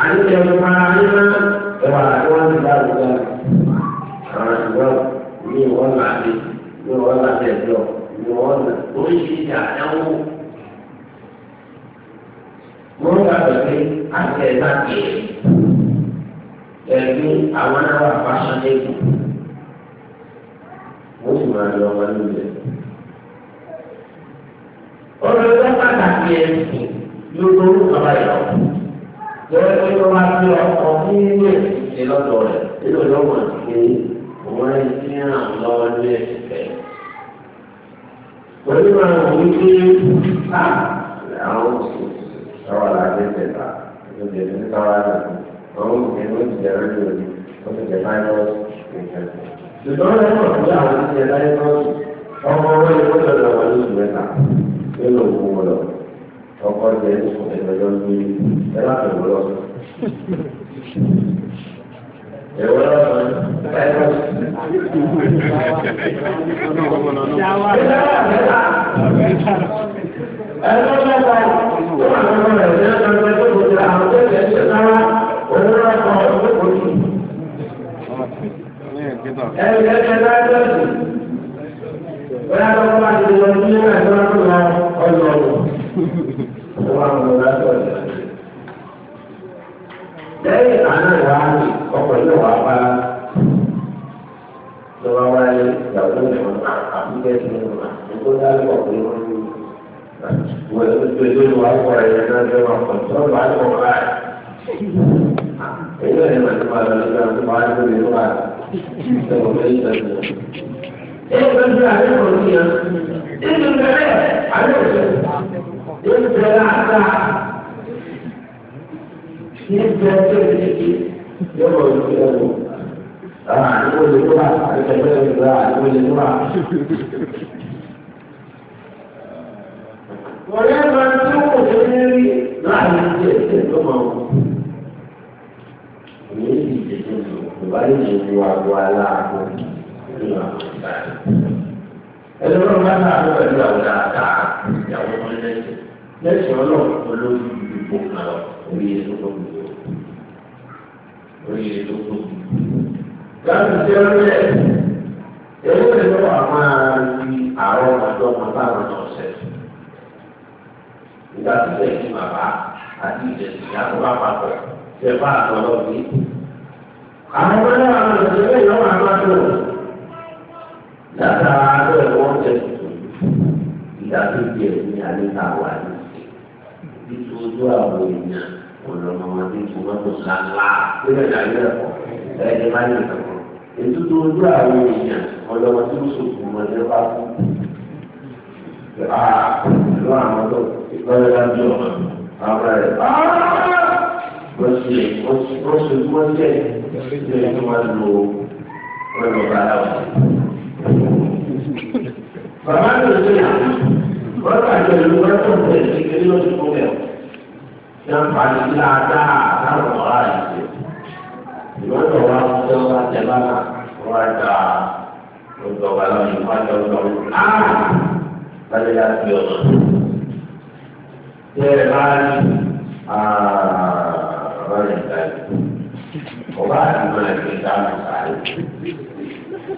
àyíkẹ́ ọmọ àyíká ẹwà àdúrà ní ìdáàbòbá àwọn àdúrà ní ìwọ́n làbí ní ìwọ́n làbí ẹ̀jọ́ ní ìwọ́n nà oríṣiríṣi àdáwò. wọ́n gbàgbọ́ pé àti ẹ̀dá kìí ẹ̀mí àwọn àwọn àbáṣá lẹ́kùn. wọ́n sì máa lọ wọn nílẹ̀ ọ̀rọ̀ ẹgbẹ́ pàtàkì ẹ̀sìn ló lórú bàbá yà ọ́. Lọ́wọ́ ẹgbẹ́ tó máa fi ọkọ̀ fún ilé ẹ̀sìn lọ́dọ̀ rẹ̀ nínú ìlọ́wọ́ àti òun ẹ̀ ti ràn lọ́wọ́ ní Pẹ̀lú àwọn òun ní ká àwọn oṣù káwá láti ẹ̀sẹ̀ta lóde ní káwá láti àwọn òṣìṣẹ́ ló ti jẹ́ rẹ́díò ní wọ́n ti jẹ́ fáínọ́ọ̀sì nìkan. Ṣùgbọ́n ẹ̀rọ ìgbà àwọn ti jẹ́ ọmọ ọwọ́ ìwọ́n lọ́dọ̀ wọn lóṣù mẹ́ta nínú òwò lọ ọkọ jẹ sùn ẹgbẹjọ ní ẹlá ẹwọ lọ ẹwọ lọ ẹwọ ẹwọ lọ Ẹgbẹ́ ẹgbẹ́ lájọ́ sí, wọ́n á lọ́wọ́ àti ìlọ́jú náà lọ́wọ́ ń lọ wò ó wà lọ látọ̀ rẹ̀. lẹ́yìn àná ìwà àmì ọkọ̀ yóò wá bá lọ́wọ́ wáyé ìyàwó ìwọ̀n àbí bẹ́ẹ̀ ni wọ́n tó dájú ọ̀pọ̀ ìwọ̀n ní wọ́n tó tó tó lọ́wọ́ àpọ̀ ẹ̀yẹ náà tó wà pọ̀ tó wà lọ́wọ́ báyìí. èyí ò ní màtí máa lọ sí ọdún máa ń lórí wà. Ẹ inú bẹ̀rẹ̀ ayé òṣèlú inú bẹ̀rẹ̀ àgbà ní bẹ̀rẹ̀ tó ní kí yọ̀bọ̀ yìí lọ́wọ́ àdúgbò lè lè lè máa rí tó máa ń nínú àwọn ìgbà ẹlọ́rọ̀ máa ń àárọ̀ pẹ̀lú àwọn dáadáa ìyàwó wọn lẹ́sìn lẹ́sìn ọlọ́run olórí ìdìbò kan lọ orí ètò gbogbo orí ètò gbogbo. láti ṣe ọlẹ́ èwo ni wọ́n wà máa fi àárọ̀ ọjọ́ wọn báwọn náà ṣe. ìgbà tí bẹ́ẹ̀ ni bàbá àti ìjẹ̀sìn ìyàwó bá papọ̀ ṣe àtọ̀ lọ́wọ́ yìí. àwọn ọmọdé àwọn ìṣẹ̀lẹ̀ látara abẹ́ wọ́n jẹ tuntun ìdàkejì ẹ̀ ní àlékà wà ní títí ojú àwọn èèyàn ọ̀nà ọmọdé tó mọ́tò ńláńlá níbẹ̀ ní ayé ẹ̀kọ́ ẹ̀ẹ́dẹ̀ máa ń yẹ kankan ètò tó ojú àwọn èèyàn ọ̀nà ọmọdé tó sòkò ọmọdé bá kú. ìlú àwọn tó ìgbọ́dọ̀ bá bí ọmọ àwọn rẹ̀ bá wọ́n ṣe wọ́n ṣe wọ́n ṣe ìdílé tó máa ń lo ọ̀nà ọ̀gá aláwọ̀ bàbá mi ò sí àná wọ́n bá ìlú wọn ní kékeré lọ́sùn tó bẹ̀rẹ̀ ṣé ń fa ní dáadáa láwọn ọ̀rá yìí ìwọ́n tó wá ń tẹ́ wá tẹ́ bá náà wọ́n á dà lọ́dọ̀ ọ̀gá á jọ lọ́wọ́ áà ọ̀nà tẹ́ ẹ bá rí ààrẹ ìdájọ́ ọba àti ìmọ̀ ẹ̀gbẹ́ dáhùn sáré.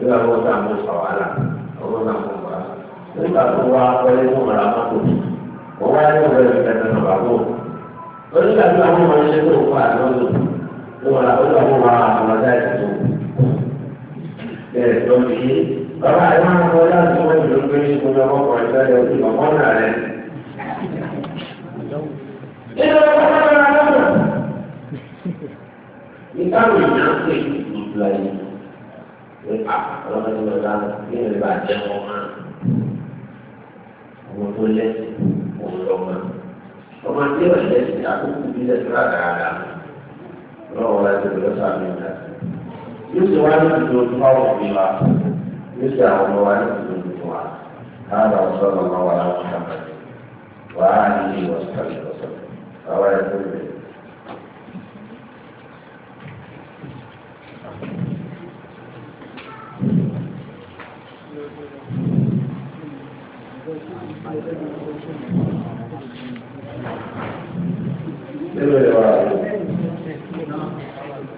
nígbà tó ń sàmú sàwálà ọwọ́ sàmú wá nígbà tó wá pẹ́lú fún ọ̀rọ̀ àmọ́tò wọ́n wá ní ọ̀rẹ́ ìfẹ́tẹ̀ náà bá wò onígbà tó àwọn ọmọ ilé tó fún àdánwò ló wà lọ́wọ́ àwọn ọmọ àmọ́tá ìtò bẹ́ẹ̀ tó fi yé bàbá ẹ̀ máa ń kọ́ láti wọ́n ìlú pé ìpínlẹ̀ ọkọ̀ọ̀kan ìfẹ́ lọ sí ọ̀pọ̀ náà rẹ̀. nínú ọ̀pọ̀ náà ìtàwọn ìyá ń pè ìgbà yìí pé à ọlọ́run ti lọ́ọ́ dáná kí ni bá jẹ́ wọn máa ọmọ tó lẹ́sìn òun lọ́mọ ọmọ tí ó lẹ́sìn àkókò bí lẹ́sìn rádaràdà lọ́wọ́ láti lọ́ọ́ sàmì ìgbà yóò ṣe wá ní ìdúró tó wà wọ̀ bí wa yóò ṣe àwọn ọmọ wa ní ìdúró tó wà káàdà ọ̀sán ọmọ wa láwọn ọmọ wa á nílé ìwọ̀sán ìwọ̀sán àwọn ẹgbẹ́ rẹ̀.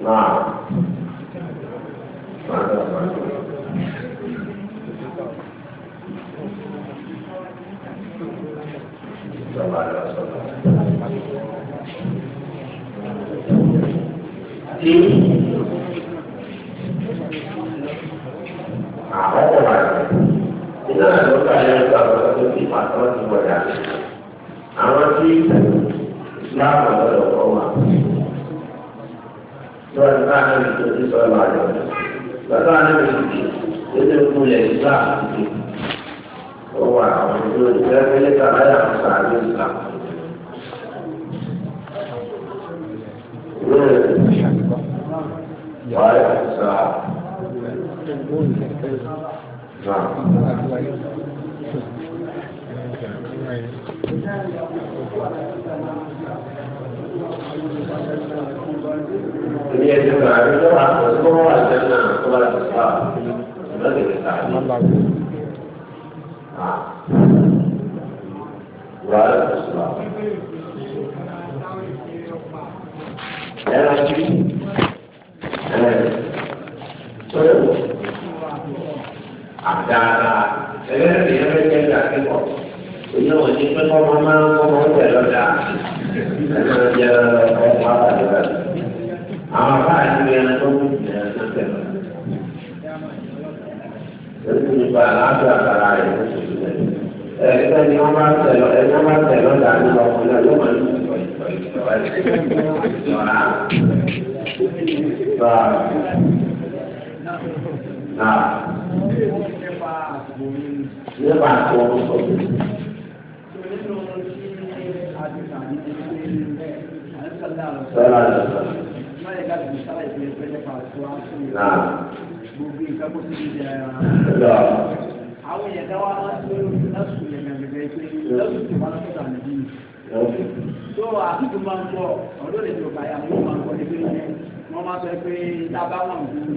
نعم Thank you. máa jẹ ọkọ àtàlẹ́ rẹ̀. Àwọn afáà ti rí ẹni tó kù jẹ́ ẹni tẹ̀lé. Ètò ni wọ́n bá tẹ̀lọ́ ẹni wọ́n àwọn èèyàn dáwà lásìkò lásìkò yẹn gàgàgà pé lásìkò tó máa ń sọ̀rọ̀ àlejò yìí. tó àtúntò máa ń gbọ́ ọ̀dọ́ lè tó báyà ló máa ń gbọ́ ní pé wọ́n máa sọ pé tábà wà ń gbọ́ ní.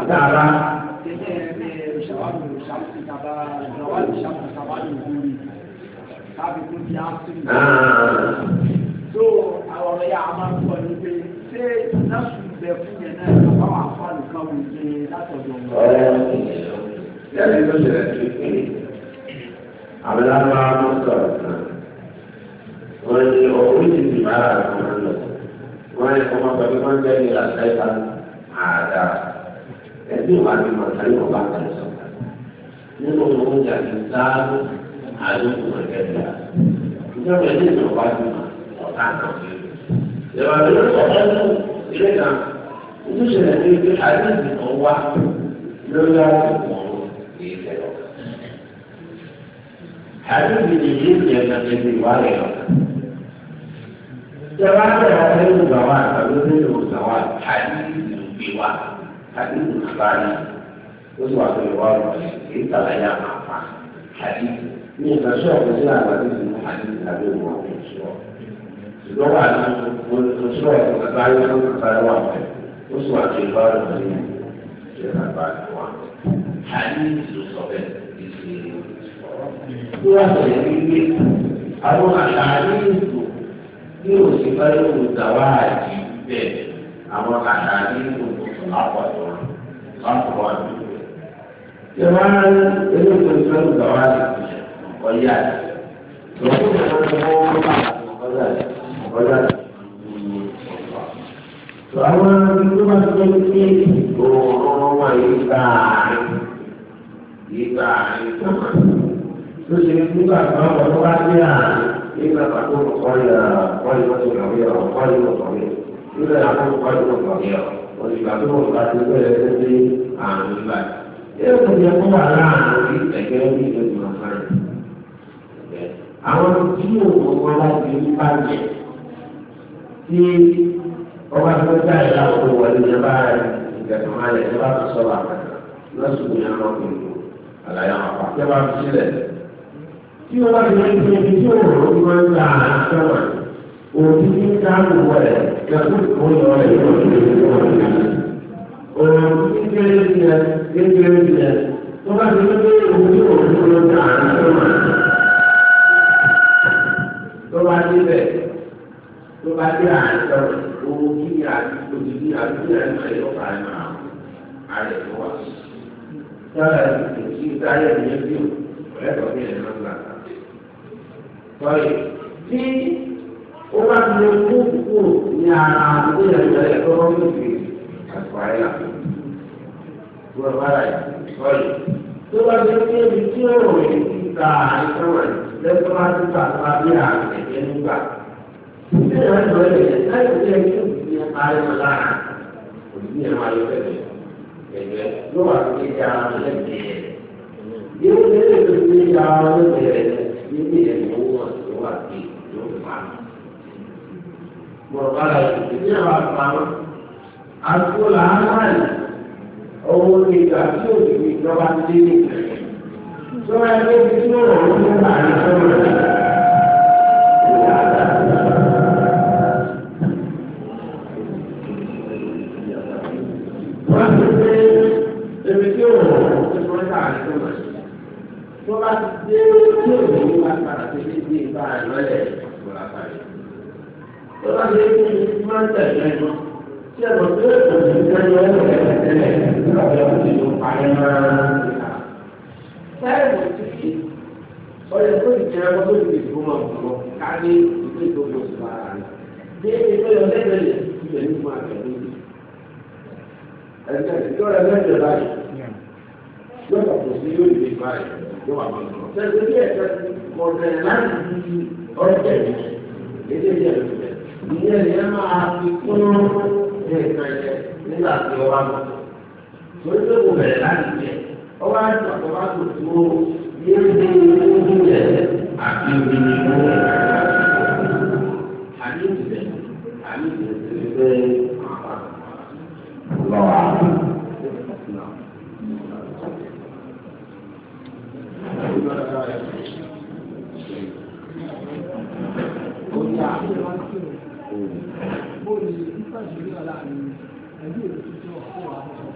àtàrà kéde ẹ̀ ṣàwádìí ṣàwádìí tábà ṣàwádìí ṣàwádìí tábà ló ń káfí tó di áfírí. tó ah. àwọn ọ̀rọ̀ yà á máa ń pọ̀ ní pé ṣé násù bẹ fún yẹn náà ká báwọn afá nìkan wò ṣe látọ̀dọ̀ wọn. yàrá ìlú ṣẹlẹ̀ tó pé abẹ́lábá ló sọ̀rọ̀ náà wọ́n ní ọkùnrin ti di mara àwọn lọ wọ́n ní ọmọ pẹ̀lú wọn jẹ́ ní àtẹ́ta àdá ẹbí wa ni màtá yóò bá tẹ̀sán nínú oúnjẹ àti sáà lóṣù. àdókò rẹ̀ gbà. Ìjọba ilé ìjọba ni ọ̀tá kan sí. Ìjọba ilé ọ̀tá ní ilé kan. Ojúṣe rẹ̀ ní ibi àdéhùn kan wá lórí àdókò ọ̀run ní ilẹ̀ lọ. Àdéhùn ni ìdí ìjẹ́ kan ti di ìwà rẹ̀ lọ. Ìjọba ilé ọ̀tá ní ìgbà wà tàbí ní ìgbà wà àdéhùn ìgbè wà àdéhùn àbáyé. Ó sì wà pé ìwà ọ̀rọ̀ yìí kì í tàlàyé àmàfà àdéhùn. ní ìgbàsọ ọ̀pọ̀ sí àgbàdo sí àti ìdàgbé wọn kò sọ. ṣùgbọ́n wà ní oṣù ọ̀pọ̀ bàbá yẹn ló ń bá wà pẹ̀ ó sì wà tó ìbá rẹ̀ wọ́n ní ìṣẹ́ bàbá rẹ̀ wà. àyè ìlú sọ bẹ́ẹ̀ ìṣe ọ̀rọ̀. bí wọ́n sọ yẹn wípé àwọn àṣà àyè ìlú ní òsì bá yóò wò dàwà àjì bẹ́ẹ̀ àwọn àṣà àyè ìlú kò sọ lápò àjọ lápò àjọ. ìwà ẹni tó ń fẹ́ dàwà àjì ọ̀yà lọ́wọ́ ìjọba ọ̀gbọ́n ọ̀yà ọ̀yà tó àwọn tó bá ti lé pé òun wà yíká yíká yíká tó ṣe nígbà kan wọn tó bá dé àárín nígbà pàtó ọ̀yà ọ̀yà tó kàwé ọ̀yà ọ̀yà tó kàwé nígbà pàtó ọ̀yà tó kàwé ọ̀yà tó kàwé ọ̀yà tó kàwé àárín báyìí. Yóò tó yẹ kó wà láàárín ìtẹ̀gẹ́ ní ìlú ìmọ̀ sáyẹ̀nsì àwọn tí òun wọn láti rí bàjẹ́ tí ọba tó dá ìlà òun wọlé ní bá ìgbẹ̀tọ̀ máa lẹ̀ ní bá tó sọ̀rọ̀ àkàtà lọ́sùn ní àwọn ọkùnrin àlàyé àwọn àpàtì bá fi sílẹ̀. tí ọba tó ń fi ibi tí òun ló máa ń ta àtọ́wà òbí ní káàkiri wọlé lọ́sùn òun yọ yóò fi lè fi wọ́n ní àná. òun ti rẹ̀ kékeré ti rẹ̀ tó bá ti ń gbé òun tí òun ló ta àtọ́wà bá débẹ̀ tó bá dé àjọ owó kíni àti òdìdí àti ìyá ìmọ̀ ẹ̀yọ́ fà á máa àrẹ̀ tó wà. Sára ìdòtí táyà ní ẹbí ò lẹ́kọ̀ọ́ bí ẹ̀rọ ńlá. Sọ́yì tí ó bá ti lè mú kúrò ní ara àdúgbò ìyàgbẹ́ ẹ̀kọ́ mọ́tòkè àgbà ẹ̀yà. Wọ́n bá rà yìí. Sọ́yì tó bá ti lè mú kí tí ó rò ní kíkà àìsàn wà ní lẹ́tọ́ máa ti ta àwọn abíyá ẹ̀jẹ̀ nígbà. Ṣé ìyá ẹ̀jọ̀ ẹ̀jẹ̀ láì sí ẹ̀jẹ̀ òbí ẹ̀ máa yọ lára òbí ẹ̀ máa yọ ẹ̀jẹ̀ ẹ̀jẹ̀ ló wà ní ìdí ara rẹ̀ lẹ́gbẹ̀ẹ́ yẹn. Yóò lé ètò ìdí ara rẹ̀ lẹ́gbẹ̀ẹ́ rẹ̀ níbi ẹ̀ ní owó ọ̀sẹ̀ wà sí yóò fà á. Mọ̀ọ́bá la yìí ti ní àwọn àpamọ́. Àtúwò làá ń rà ní ìgbà tí òbí sọ́wọ́n tí wọ́n wọ̀ ní àárín sọ́wọ́n rẹ̀. wọ́n ti gbé ebi tí ó wọ̀ ní sọ́wọ́n rẹ̀ àárín sọ́wọ́n rẹ̀. tó bá ti dé tí ó wọ̀ ní agbára tó ti di ìgbà ìrọ̀lẹ́ ìgbòrà parí. tó bá ti dé tí máa ń tẹ̀lé ẹ̀gbọ́n tí ẹ̀gbọ́n tó yẹ kó táìmù tí ọ̀rẹ́ tó ti jẹ́ ọmọ tó ti dìbò máa ń lọ kárí ìlú ìdókòwò sí ara rẹ̀. Bí ẹgbẹ́ yọ lẹ́gbẹ̀ẹ́ ti lè ní máa tẹ̀lé mi. Ẹ̀sẹ̀ tí ọ̀rẹ́ báyìí yóò kọ̀kọ̀ sí yóò lè báyìí yóò wà máa lọ. bí ẹ̀sẹ̀ mọ̀tẹ̀ láti di ọ̀rẹ́ fi kún ní ọwọ́ àti àkọ́bá tó tó yé ní ojú rẹ̀ àti omi ní ojú rẹ̀ àti ojú rẹ̀ àti ojú rẹ̀ fẹ́ lọ́wọ́. Bóyá, bóyá, nípa ìṣòro àlàyé, ẹ̀dí èdè tuntun ọ̀pọ̀ àwọn ọ̀pọ̀.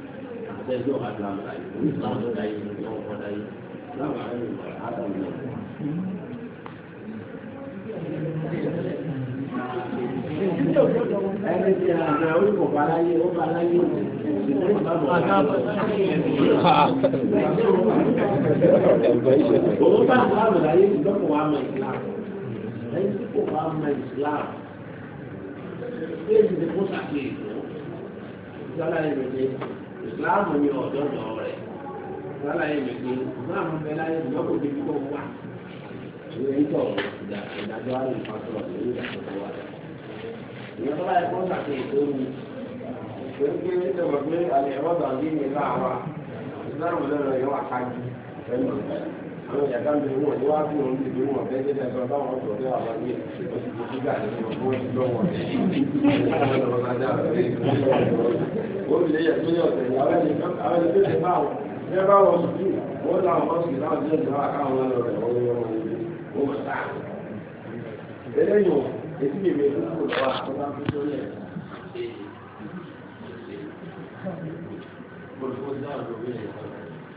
ẹjọ́ àti àmàlàyé ìsìlámù dáyé ìsìlámù ọkọ dáyé ìsìlámù àyè ìmọ̀ràn àdàmù náà. ẹni tí a nà ó kò bá láyé ó bá láyé ó bá ìsìlámù láyé ìdókòwò àmà ìsìlámù ẹni tí kò bá àmà ìsìlámù ṣé ìdìbò sàkè ìdó ìjọba ìròyìn ìsìláàmù ni ọ̀dọ́dọ̀ rẹ̀ lálàyé mi pé ìsìláàmù bẹ láyé ìlọ́kùn ti fi wà ìwé ń tọ̀ ìdájọ́ àrùn ìfàsọ̀rọ̀ ìwé ìdájọ́ wà ìyẹn tó báyìí fún sàkè ìtòrú pé pé ìjọba pé àlè ẹ̀rọ bàbí mi láàárọ̀ ìsìláàmù lọ́rọ̀ yẹn wà ká àwọn ìyàtọ̀ ní wọn ni wọ́n á fi wọn lè bí wọn bẹ́ẹ̀ sọ báwọn sọ bẹ́ẹ̀ àwọn yẹ o ti di gíga ní wọn ti lọ wọn ní wọn lọ sájà rẹ̀ o lè yẹ tó yẹ ọ̀sẹ̀ àwọn ẹni tó lè bá wọn bí ẹ bá wọn sùkú wọn bá sùkú láwọn jẹ́ ìjọba káwọn lọ wọn lè wọ́n mọ̀ sáà. eléyìí èsì bèbè tó kù lọ́wọ́ àtọ́ká tó tó yẹ. olùkọ́ dáhùn lórí ẹ̀